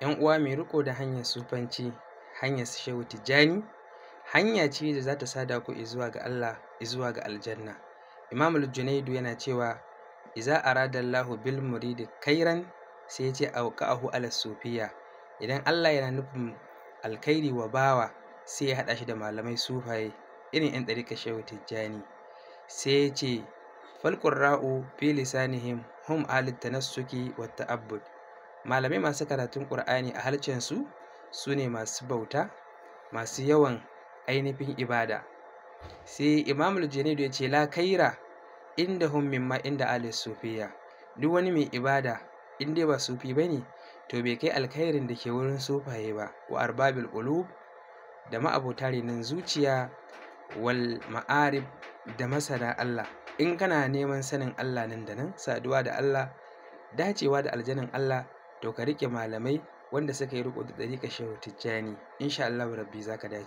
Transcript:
'yan uwa mai riko da hanyar sufanci hanyar shehu tijjani hanya ce da za ta sada ku zuwa ga Allah zuwa ga aljanna imam junaidu yana cewa iza arada Allahu bil murid kairan sai ya ce awqahu ala sufiya idan Allah yana nufin alkhairi wa bawa sai ya haɗa shi da malamai sufaye irin 'yan dariƙa shehu tijjani sai ya ce falqurra'u fi lisanihim hum ahli tanassuki wa ta'abbud malamai masu karatun ƙur'ani a halcensu su ne masu bauta masu yawan ainihin ibada sai imamul janaidu ya ce la kaira inda hun mimma inda ali sufiya duk wani mai ibada in dai ba sufi ba ne to bai kai alkhairin da ke wurin sufaye ba wa arbabil ulub da ma'abota renin zuciya wal ma'arib da masana Allah in kana neman sanin Allah nan da nan saduwa da Allah dacewa da aljanin Allah to ka riƙe malamai wanda suka yi riƙo da ka Shehu Tijjani insha Allahu rabbi za ka dace.